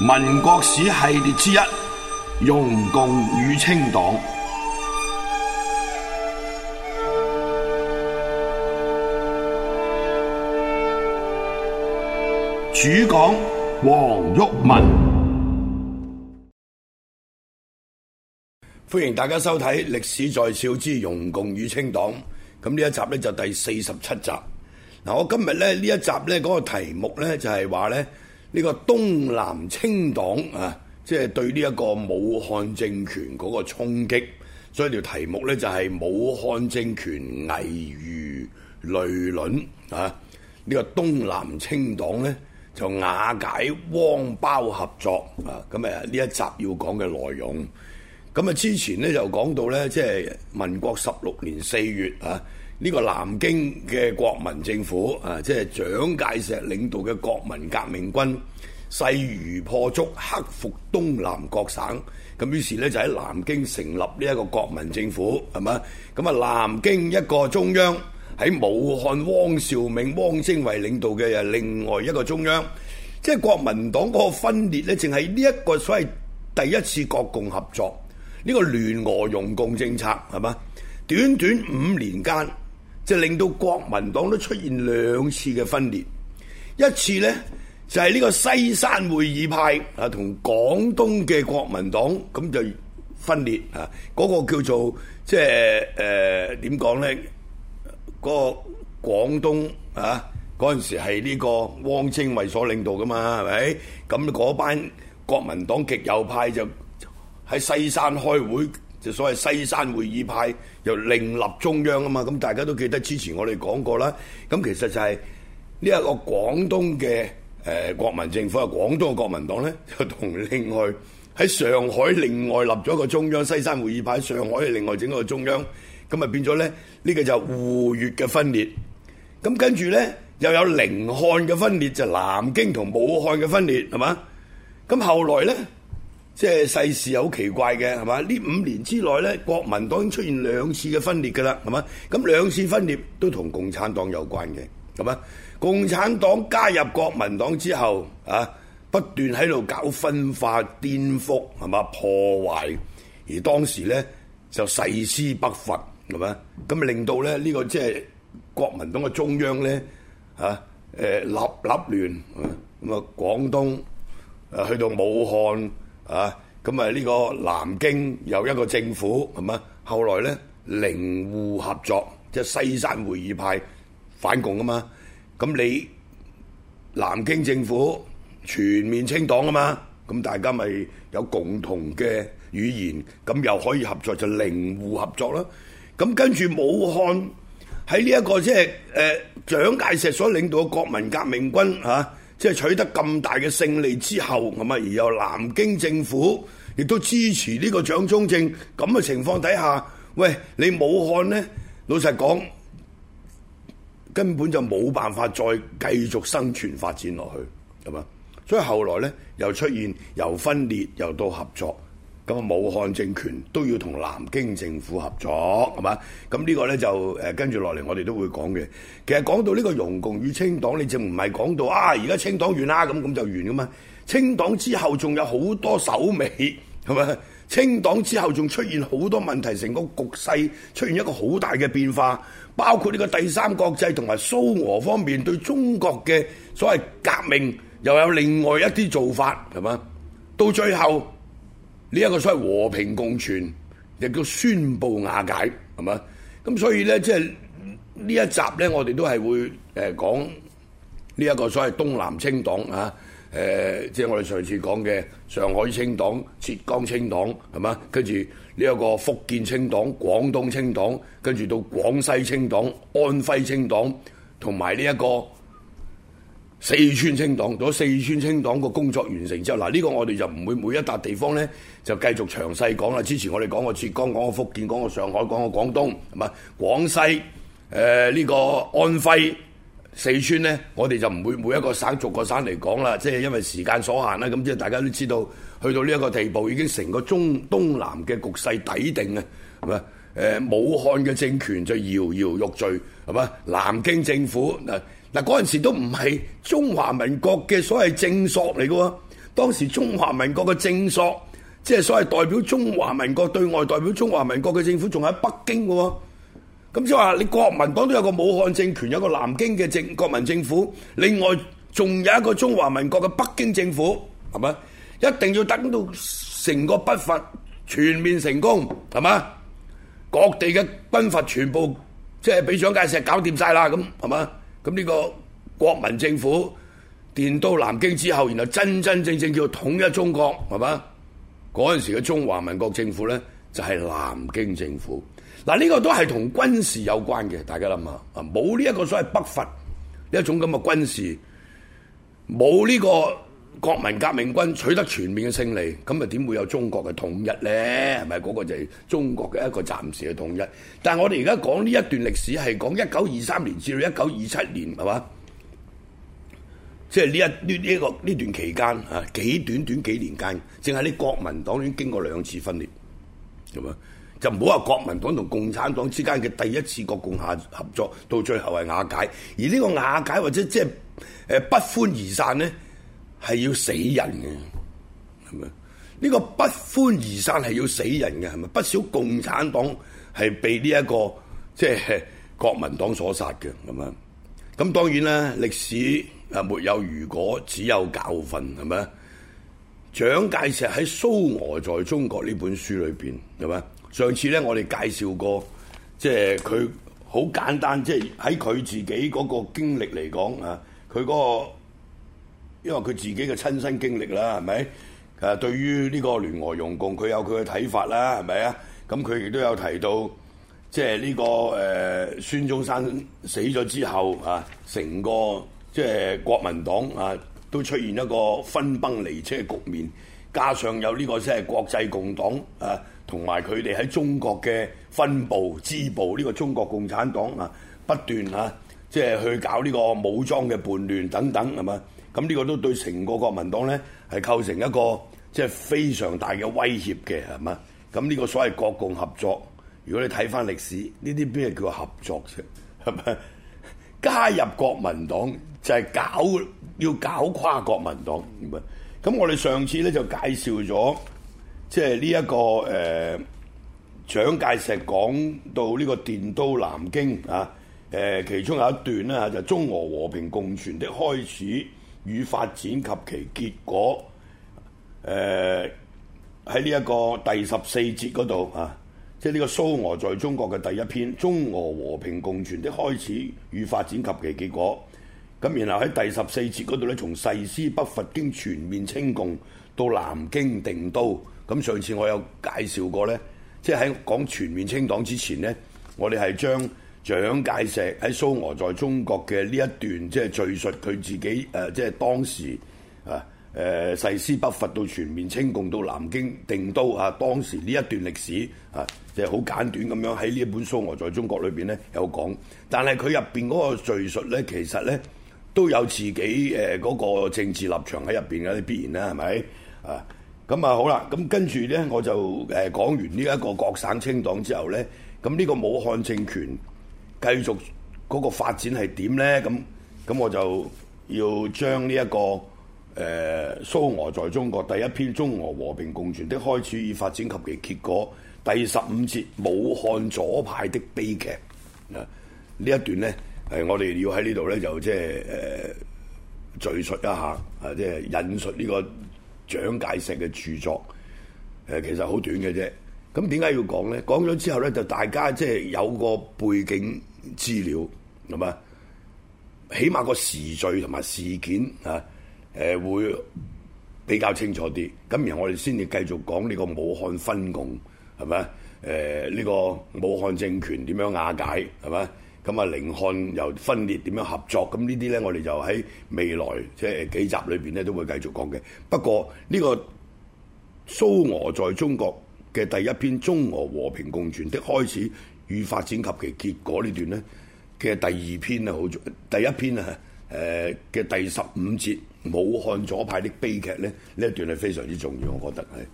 民國史系列之一《容共與清黨》主，主講黃毓民，歡迎大家收睇《歷史在笑之容共與清黨》。咁呢一集咧就第四十七集。嗱，我今日咧呢一集咧嗰個題目咧就係話咧。呢個東南清黨啊，即、就、係、是、對呢一個武漢政權嗰個衝擊，所以這條題目呢，就係、是、武漢政權危如累卵啊！呢個東南清黨呢，就瓦解汪包合作啊！咁啊，呢一集要講嘅內容，咁啊之前呢就講到呢，即、就、係、是、民國十六年四月啊。呢個南京嘅國民政府啊，即係蔣介石領導嘅國民革命軍勢如破竹，克復東南各省。咁於是咧就喺南京成立呢一個國民政府，係嘛？咁啊，南京一個中央喺武漢，汪兆銘、汪精衛領導嘅另外一個中央。即係國民黨嗰個分裂呢，淨係呢一個所謂第一次國共合作，呢個聯俄容共政策，係嘛？短短五年間。即係令到國民黨都出現兩次嘅分裂，一次呢就係呢個西山會議派啊，同廣東嘅國民黨咁就分裂啊。嗰個叫做即係誒點講呢？嗰個廣東啊，嗰陣時係呢個汪精衛所領導㗎嘛，係咪？咁嗰班國民黨極右派就喺西山開會。所謂西山會議派又另立中央啊嘛，咁大家都記得之前我哋講過啦。咁其實就係呢一個廣東嘅誒、呃、國民政府啊，廣東嘅國民黨咧就同另外喺上海另外立咗一個中央，西山會議派上海另外整一個中央，咁咪變咗咧呢個就滬粵嘅分裂。咁跟住咧又有寧漢嘅分裂，就是、南京同武漢嘅分裂，係嘛？咁後來咧？即係世事好奇怪嘅，係嘛？呢五年之內咧，國民黨已經出現兩次嘅分裂㗎喇，係嘛？咁兩次分裂都同共產黨有關嘅，係嘛？共產黨加入國民黨之後，啊，不斷喺度搞分化、顛覆，係嘛？破壞，而當時咧就誓師北伐，係嘛？咁啊令到咧呢、這個即係國民黨嘅中央咧，啊，誒、呃、立立亂，咁啊廣東誒去到武漢。啊，咁啊呢個南京有一個政府，係嘛？後來呢寧滬合作，即係西山會議派反共啊嘛。咁你南京政府全面清黨啊嘛，咁大家咪有共同嘅語言，咁又可以合作就寧滬合作啦。咁跟住武漢喺呢一個即係誒蔣介石所領導嘅國民革命軍吓。啊即係取得咁大嘅勝利之後，係咪？而由南京政府亦都支持呢個蔣中正咁嘅情況底下，喂，你武漢呢，老實講根本就冇辦法再繼續生存發展落去，係咪？所以後來咧，又出現由分裂又到合作。咁武漢政權都要同南京政府合作，係嘛？咁呢個呢，就誒跟住落嚟，我哋都會講嘅。其實講到呢個容共與清黨，你就唔係講到啊？而家清黨完啦，咁咁就完嘅嘛？清黨之後仲有好多手尾，係咪？清黨之後仲出現好多問題，成個局勢出現一個好大嘅變化，包括呢個第三國際同埋蘇俄方面對中國嘅所謂革命又有另外一啲做法，係嘛？到最後。呢一個所謂和平共存，亦都宣佈瓦解，係嘛？咁所以呢，即係呢一集呢，我哋都係會誒講呢一個所謂東南清黨啊，誒，即係我哋上次講嘅上海清黨、浙江清黨，係嘛？跟住呢一個福建清黨、廣東清黨，跟住到廣西清黨、安徽清黨，同埋呢一個。四川清黨，咗四川清黨個工作完成之後，嗱、這、呢個我哋就唔會每一笪地方呢，就繼續詳細講啦。之前我哋講過浙江、講過福建、講過上海、講過廣東，係咪？廣西，呢、呃呢個安徽、四川呢，我哋就唔會每一個省逐個省嚟講啦。即係因為時間所限啦，咁即係大家都知道，去到呢一個地步已經成個中東南嘅局勢底定啊，係咪、呃？武漢嘅政權就搖搖欲墜，係咪？南京政府嗱。嗱，嗰陣時都唔係中華民國嘅所謂正朔嚟嘅喎，當時中華民國嘅正朔即係所謂代表中華民國，對外代表中華民國嘅政府，仲喺北京嘅喎。咁即係話你國民黨都有個武漢政權，有個南京嘅政國民政府，另外仲有一個中華民國嘅北京政府，係咪？一定要等到成個北伐全面成功，係嘛？各地嘅軍閥全部即係俾蔣介石搞掂曬啦，咁係嘛？咁呢個國民政府電到南京之後，然後真真正正叫統一中國，係嘛？嗰陣時嘅中華民國政府咧，就係南京政府。嗱，呢個都係同軍事有關嘅，大家諗下，啊，冇呢一個所謂北伐呢一種咁嘅軍事，冇呢個。國民革命軍取得全面嘅勝利，咁咪點會有中國嘅統一咧？係咪嗰個就係中國嘅一個暫時嘅統一？但係我哋而家講呢一段歷史係講一九二三年至到、就是、一九二七年係嘛？即係呢一呢呢個呢段期間啊，幾短短幾年間，淨係呢國民黨已經經過兩次分裂，係嘛？就唔好話國民黨同共產黨之間嘅第一次國共下合作到最後係瓦解，而呢個瓦解或者即係誒不歡而散呢。係要死人嘅，係咪？呢個不歡而散係要死人嘅，係咪？不少共產黨係被呢一個即係國民黨所殺嘅，咁樣。咁當然啦，歷史啊沒有如果，只有教訓，係咪？蔣介石喺《蘇俄在中國》呢本書裏邊，係咪？上次咧，我哋介紹過，即係佢好簡單，即係喺佢自己嗰個經歷嚟講啊，佢嗰個。因為佢自己嘅親身經歷啦，係咪？誒，對於呢個聯俄容共，佢有佢嘅睇法啦，係咪啊？咁佢亦都有提到，即係呢個誒、呃、孫中山死咗之後啊，成個即係、就是、國民黨啊，都出現一個分崩離析嘅局面。加上有呢個即係國際共黨啊，同埋佢哋喺中國嘅分部支部，呢、這個中國共產黨啊，不斷啊，即、就、係、是、去搞呢個武裝嘅叛亂等等，係咪？咁呢個都對成個國民黨呢係構成一個即係、就是、非常大嘅威脅嘅，係嘛？咁呢個所謂國共合作，如果你睇翻歷史，呢啲邊係叫合作啫？加入國民黨就係、是、搞要搞垮國民黨。咁我哋上次呢就介紹咗，即係呢一個誒、呃，蔣介石講到呢個電到南京啊、呃，其中有一段呢就是、中俄和平共存的開始。與發展及其結果，誒喺呢一個第十四節嗰度啊，即係呢個蘇俄在中國嘅第一篇中俄和平共存的開始與發展及其結果。咁然後喺第十四節嗰度咧，從誓師北伐經全面清共到南京定都。咁上次我有介紹過呢，即係喺講全面清黨之前呢，我哋係將。蔣介石喺《蘇俄在中國》嘅呢一段他、呃，即係敘述佢自己誒，即係當時啊誒、呃，誓師北伐到全面清共到南京定都啊，當時呢一段歷史啊，即係好簡短咁樣喺呢一本《蘇俄在中國》裏邊咧有講，但係佢入邊嗰個敘述咧，其實咧都有自己誒嗰、呃那個政治立場喺入邊嘅，必然啦，係咪啊？咁啊好啦，咁跟住咧，我就誒講完呢一個各省清黨之後咧，咁呢個武漢政權。繼續嗰個發展係點呢？咁咁我就要將呢、這、一個誒、呃、蘇俄在中國，第一篇，中俄和平共存的開始與發展及其結果，第十五節，武漢左派的悲劇啊呢一段呢，係我哋要喺呢度呢，就即係誒敘述一下啊，即、就、係、是、引述呢個蔣介石嘅著作、啊、其實好短嘅啫。咁點解要講咧？講咗之後咧，就大家即係有個背景資料，係咪？起碼個時序同埋事件啊，誒會比較清楚啲。咁然後我哋先至繼續講呢個武漢分共，係咪？誒、這、呢個武漢政權點樣瓦解，係咪？咁啊，寧漢又分裂點樣合作？咁呢啲咧，我哋就喺未來即係幾集裏邊咧都會繼續講嘅。不過呢個蘇俄在中國嘅第一篇，中俄和平共存的開始與發展及其結果，這段，呢段咧，嘅第二篇啊，好，重第一篇啊，誒嘅第十五節，武漢左派的悲劇咧，呢一段係非常之重要，我覺得係。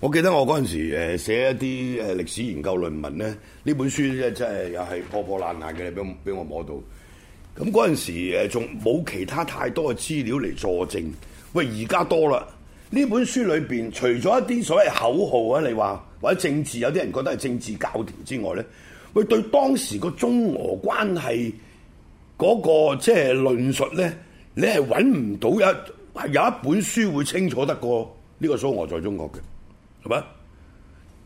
我記得我嗰陣時誒寫一啲誒歷史研究論文咧，呢本書咧真係又係破破爛爛嘅，俾，俾我摸到。咁嗰陣時仲冇其他太多嘅資料嚟佐證，喂而家多啦。呢本書裏面，除咗一啲所謂口號啊，你話或者政治有啲人覺得係政治教條之外咧，佢對當時個中俄關係嗰個即係論述咧，你係揾唔到有一，有一本書會清楚得過呢個蘇俄在中國嘅，係咪？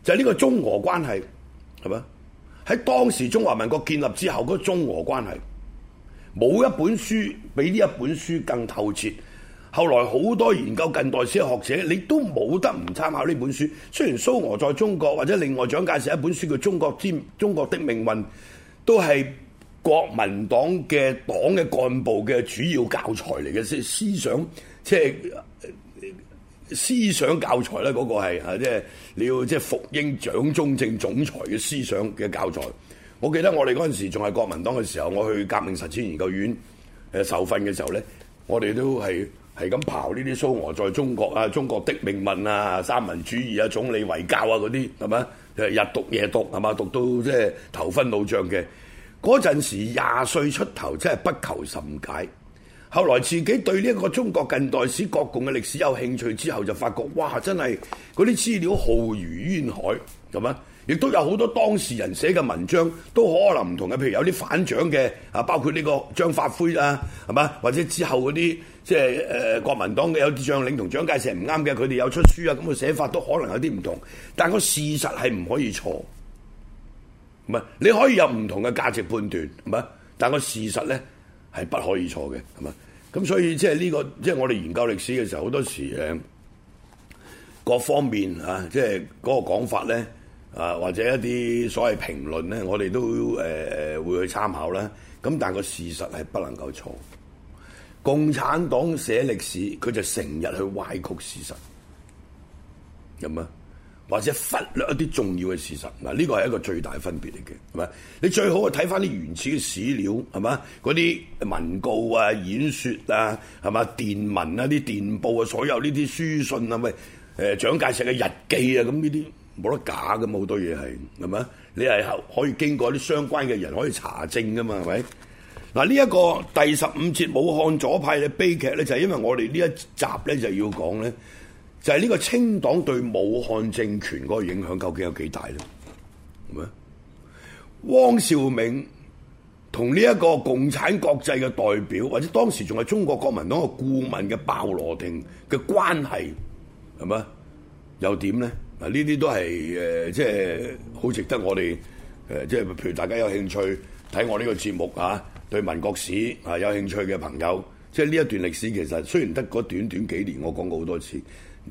就係呢個中俄關係，係咪？喺當時中華民國建立之後嗰個中俄關係，冇一本書比呢一本書更透徹。後來好多研究近代史嘅學者，你都冇得唔參考呢本書。雖然蘇俄在中國或者另外，蔣介石寫一本書叫《中國之中國的命運》，都係國民黨嘅黨嘅幹部嘅主要教材嚟嘅思思想，即係思想教材咧。嗰個係啊，即係你要即係服膺蔣中正總裁嘅思想嘅教材。我記得我哋嗰陣時仲係國民黨嘅時候，我去革命實踐研究院誒受訓嘅時候咧，我哋都係。係咁刨呢啲蘇俄在中國啊，中國的命運啊，三民主義啊，總理遺教啊嗰啲，係咪？日讀夜讀係嘛，讀到即係、就是、頭昏腦脹嘅。嗰陣時廿歲出頭，真係不求甚解。後來自己對呢一個中國近代史國共嘅歷史有興趣之後，就發覺哇，真係嗰啲資料浩如淵海，係咪？亦都有好多當事人寫嘅文章都可能唔同嘅，譬如有啲反蔣嘅啊，包括呢個張發奎啊，係嘛？或者之後嗰啲即係誒國民黨嘅有啲將領同蔣介石唔啱嘅，佢哋有出書啊，咁嘅寫法都可能有啲唔同。但個事實係唔可以錯，唔係你可以有唔同嘅價值判斷，係嘛？但個事實咧係不可以錯嘅，係嘛？咁所以即係呢個即係我哋研究歷史嘅時候，好多時誒各方面啊，即係嗰個講法咧。啊，或者一啲所謂評論咧，我哋都誒會去參考啦。咁但個事實係不能夠錯。共產黨寫歷史，佢就成日去歪曲事實，咁啊？或者忽略一啲重要嘅事實。嗱，呢個係一個最大分別嚟嘅，係嘛？你最好係睇翻啲原始嘅史料，係嘛？嗰啲文告啊、演說啊、係嘛、電文啊、啲電報啊、所有呢啲書信啊，咪誒蔣介石嘅日記啊，咁呢啲。冇得假噶嘛，好多嘢係係咪？你係可以經過啲相關嘅人可以查證噶嘛，係咪？嗱，呢一個第十五節武漢左派嘅悲劇咧，就係因為我哋呢一集咧就要講咧，就係呢個清黨對武漢政權嗰個影響究竟有幾大咧？係咪？汪兆銘同呢一個共產國際嘅代表，或者當時仲係中國國民黨嘅顧問嘅鮑羅廷嘅關係係咪？又點咧？嗱，呢啲都係、呃、即係好值得我哋即係譬如大家有興趣睇我呢個節目啊，對民國史啊有興趣嘅朋友，即係呢一段歷史其實雖然得短短幾年，我講過好多次，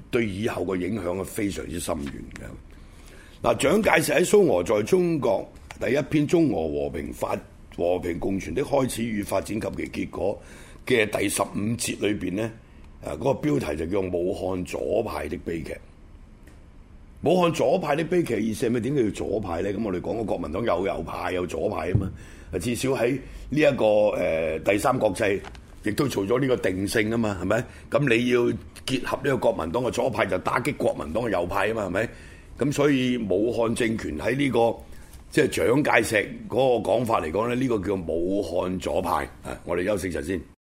對以後嘅影響係非常之深遠嘅。嗱、啊，蔣介石喺蘇俄在中國第一篇《中俄和平發和平共存的開始與發展及其結果》嘅第十五節裏面呢，呢、啊、嗰、那個標題就叫《武漢左派的悲劇》。武漢左派啲悲劇意思係咪點解叫左派咧？咁我哋講個國民黨有右派有左派啊嘛。啊，至少喺呢一個、呃、第三國際，亦都做咗呢個定性啊嘛，係咪？咁你要結合呢個國民黨嘅左派，就打擊國民黨嘅右派啊嘛，係咪？咁所以武漢政權喺呢、這個即係、就是、蔣介石嗰個講法嚟講咧，呢、這個叫武漢左派啊。我哋休息陣先。